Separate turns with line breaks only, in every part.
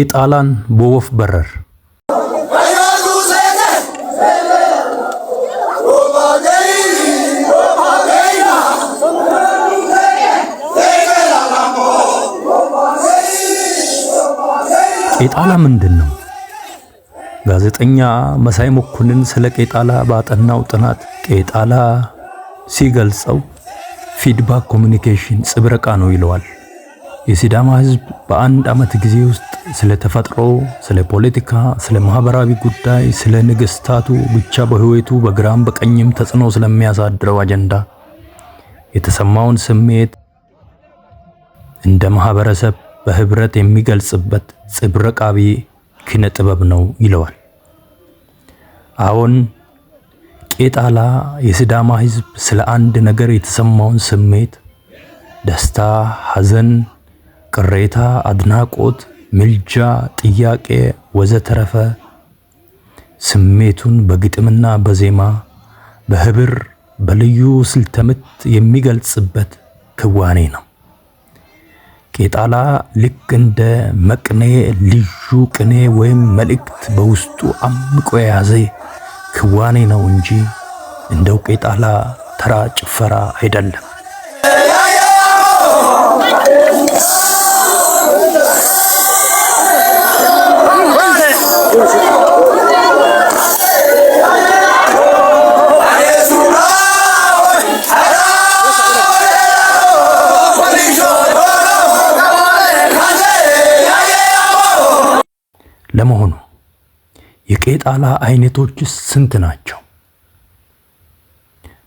ኤጣላን በወፍ በረር ቄጣላ ምንድን ነው? ጋዜጠኛ መሳይ መኮንን ስለ ቄጣላ ባጠናው ጥናት ቄጣላ ሲገልጸው ፊድባክ ኮሚኒኬሽን ጽብረቃ ነው ይለዋል። የሲዳማ ሕዝብ በአንድ ዓመት ጊዜ ውስጥ ስለ ተፈጥሮ፣ ስለ ፖለቲካ፣ ስለ ማህበራዊ ጉዳይ፣ ስለ ንግስታቱ ብቻ በህይወቱ በግራም በቀኝም ተጽዕኖ ስለሚያሳድረው አጀንዳ የተሰማውን ስሜት እንደ ማህበረሰብ በህብረት የሚገልጽበት ጽብረቃቢ ኪነ ጥበብ ነው ይለዋል። አሁን ቄጣላ የስዳማ ህዝብ ስለ አንድ ነገር የተሰማውን ስሜት ደስታ፣ ሐዘን፣ ቅሬታ፣ አድናቆት ምልጃ፣ ጥያቄ ወዘተረፈ ስሜቱን በግጥምና በዜማ በህብር በልዩ ስልተምት የሚገልጽበት ክዋኔ ነው። ቄጣላ ልክ እንደ መቅኔ ልዩ ቅኔ ወይም መልእክት በውስጡ አምቆ የያዘ ክዋኔ ነው እንጂ እንደው ቄጣላ ተራ ጭፈራ አይደለም። የቄጣላ አይነቶችስ ስንት ናቸው?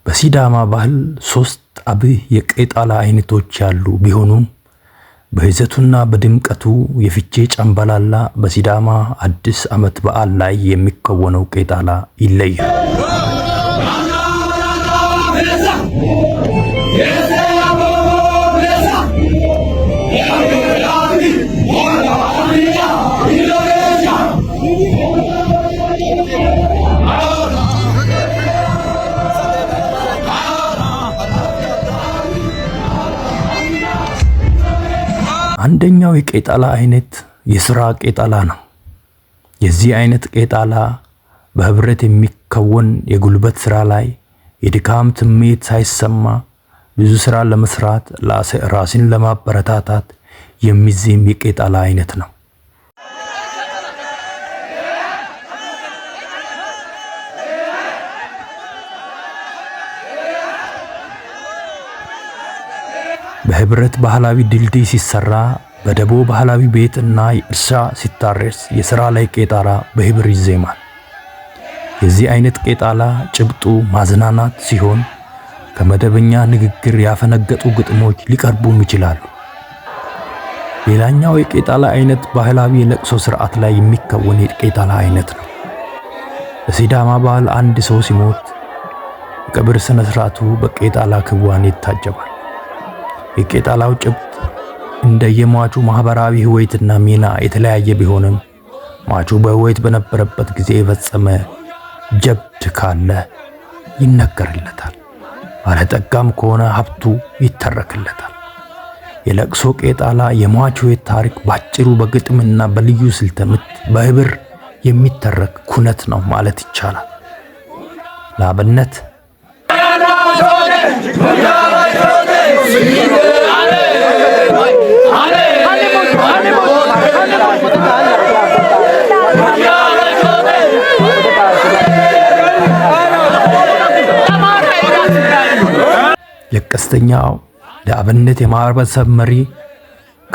በሲዳማ ባህል ሶስት አብህ የቄጣላ አይነቶች ያሉ ቢሆኑም በይዘቱና በድምቀቱ የፍቼ ጨምበላላ በሲዳማ አዲስ ዓመት በዓል ላይ የሚከወነው ቄጣላ ይለያል። አንደኛው የቄጠላ አይነት የስራ ቄጠላ ነው። የዚህ አይነት ቄጠላ በህብረት የሚከወን የጉልበት ስራ ላይ የድካም ስሜት ሳይሰማ ብዙ ስራ ለመስራት ራስን ለማበረታታት የሚዜም የቄጠላ አይነት ነው። በህብረት ባህላዊ ድልድይ ሲሰራ፣ በደቦ ባህላዊ ቤት እና እርሻ ሲታረስ የሥራ ላይ ቄጣላ በህብር ይዜማል። የዚህ አይነት ቄጣላ ጭብጡ ማዝናናት ሲሆን ከመደበኛ ንግግር ያፈነገጡ ግጥሞች ሊቀርቡም ይችላሉ። ሌላኛው የቄጣላ አይነት ባህላዊ የለቅሶ ስርዓት ላይ የሚከወን የቄጣላ አይነት ነው። በሲዳማ ባህል አንድ ሰው ሲሞት የቀብር ስነ ስርዓቱ በቄጣላ ክዋኔ ይታጀባል። የቄጣላው ጭብጥ እንደየሟቹ ማህበራዊ ህይወትና ሚና የተለያየ ቢሆንም ሟቹ በህይወት በነበረበት ጊዜ የፈጸመ ጀብድ ካለ ይነገርለታል። ባለጠጋም ከሆነ ሀብቱ ይተረክለታል። የለቅሶ ቄጣላ የሟቹ ህይወት ታሪክ ባጭሩ በግጥምና በልዩ ስልተ ምት በህብር የሚተረክ ኩነት ነው ማለት ይቻላል። ለአብነት የቀስተኛው ለአብነት የማህበረሰብ መሪ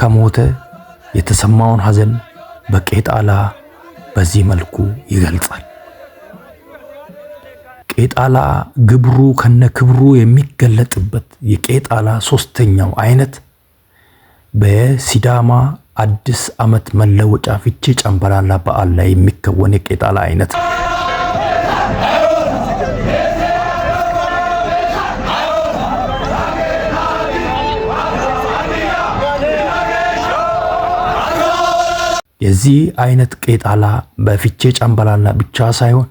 ከሞተ የተሰማውን ሐዘን በቄጣላ በዚህ መልኩ ይገልጻል። ቄጣላ ግብሩ ከነክብሩ የሚገለጥበት የቄጣላ ሶስተኛው አይነት በሲዳማ አዲስ ዓመት መለወጫ ፍቼ ጨምበላላ በዓል ላይ የሚከወን የቄጣላ አይነት የዚህ አይነት ቄጣላ በፍቼ ጨምበላላ ብቻ ሳይሆን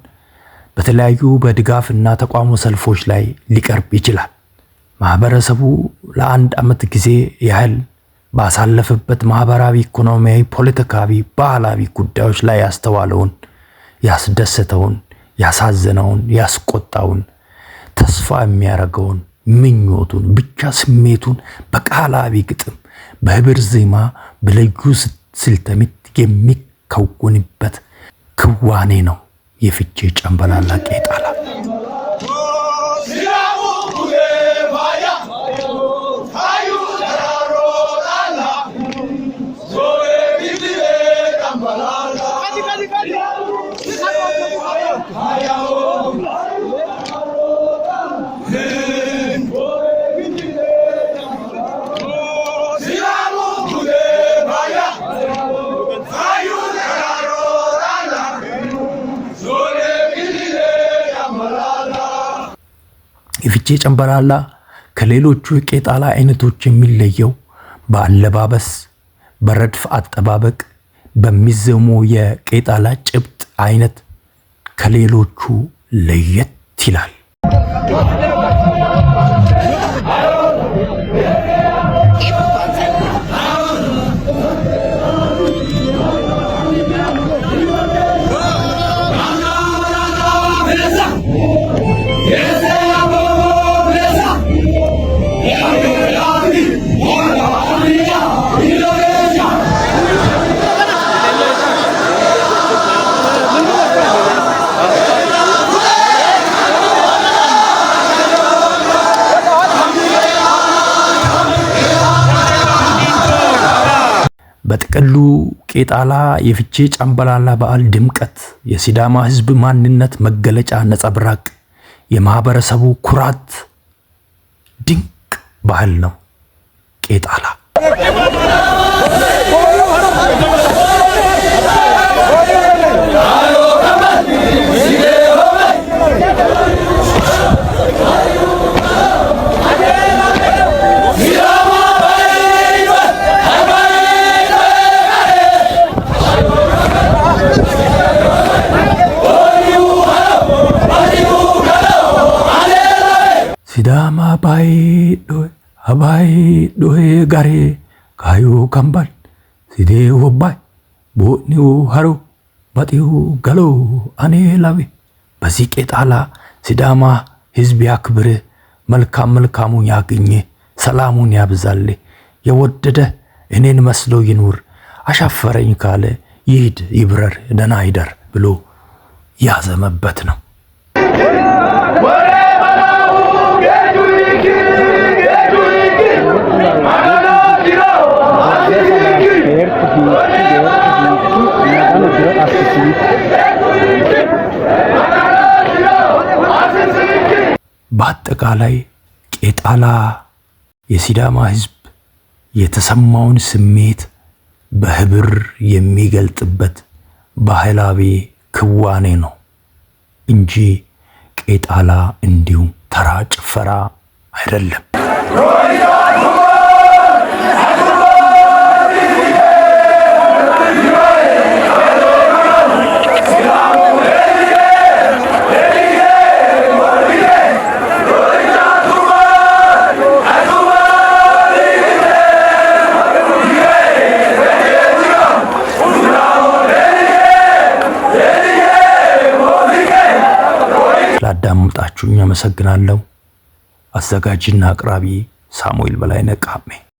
በተለያዩ በድጋፍ እና ተቋሞ ሰልፎች ላይ ሊቀርብ ይችላል። ማህበረሰቡ ለአንድ ዓመት ጊዜ ያህል ባሳለፈበት ማህበራዊ፣ ኢኮኖሚያዊ፣ ፖለቲካዊ፣ ባህላዊ ጉዳዮች ላይ ያስተዋለውን፣ ያስደሰተውን፣ ያሳዘነውን፣ ያስቆጣውን፣ ተስፋ የሚያደርገውን፣ ምኞቱን፣ ብቻ ስሜቱን በቃላዊ ግጥም፣ በህብር ዜማ፣ በልዩ ስልተምት የሚከውንበት ክዋኔ ነው። የፍቼ ጨምበላላ ጌጥ የፍቼ ጨንበላላ ከሌሎቹ የቄጣላ አይነቶች የሚለየው በአለባበስ፣ በረድፍ አጠባበቅ፣ በሚዘሙ የቄጣላ ጭብጥ አይነት ከሌሎቹ ለየት ይላል። በጥቅሉ ቄጣላ የፍቼ ጫምባላላ በዓል ድምቀት፣ የሲዳማ ሕዝብ ማንነት መገለጫ ነጸብራቅ፣ የማህበረሰቡ ኩራት ድንቅ ባህል ነው ቄጣላ።
Kabaayee dhohee garee kaayuu kambal sidee wobbaay boodniu haroo baxiu galau anee lawe በዚህ ቄጣላ ሲዳማ ህዝብ ያክብር፣ መልካም መልካሙን ያግኝ፣ ሰላሙን ያብዛል። የወደደ እኔን መስሎ ይኑር፣ አሻፈረኝ ካለ ይሂድ ይብረር፣ ደና ይደር ብሎ ያዘመበት ነው። በአጠቃላይ ቄጣላ የሲዳማ ህዝብ የተሰማውን ስሜት በህብር የሚገልጥበት ባህላዊ ክዋኔ ነው እንጂ ቄጣላ እንዲሁ ተራ ጭፈራ አይደለም። አመሰግናለሁ። አዘጋጅና አቅራቢ ሳሙኤል በላይነህ ቃሜ